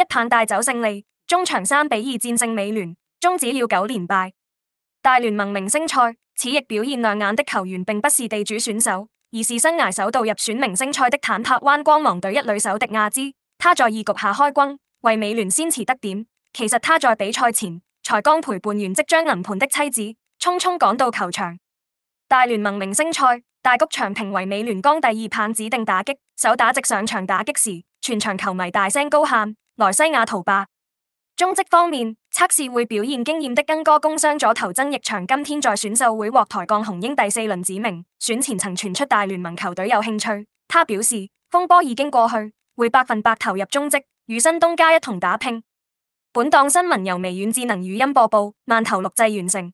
一棒帶走勝利，中場三比二戰勝美聯，終止了九連敗。大聯盟明星賽，此役表現亮眼的球員並不是地主選手，而是生涯首度入選明星賽的坦帕灣光芒隊一壘手迪亞茲。他在二局下開轟，為美聯先馳得點。其實他在比賽前才剛陪伴完即將臨盆的妻子，匆匆趕到球場。大聯盟明星賽大谷翔平為美聯扛第二棒指定打擊，首打席上場打擊時。全場球迷大聲高喊，來西雅圖吧。中職方面，測試會表現驚豔的根哥工商左投曾亦祥。今天在選秀會獲台鋼雄鷹第四輪指名，選前曾傳出大聯盟球隊有興趣。他表示風波已經過去，會百分百投入中職，與新東家一同打拼。本檔新聞由微軟智能語音播報，慢頭錄製完成。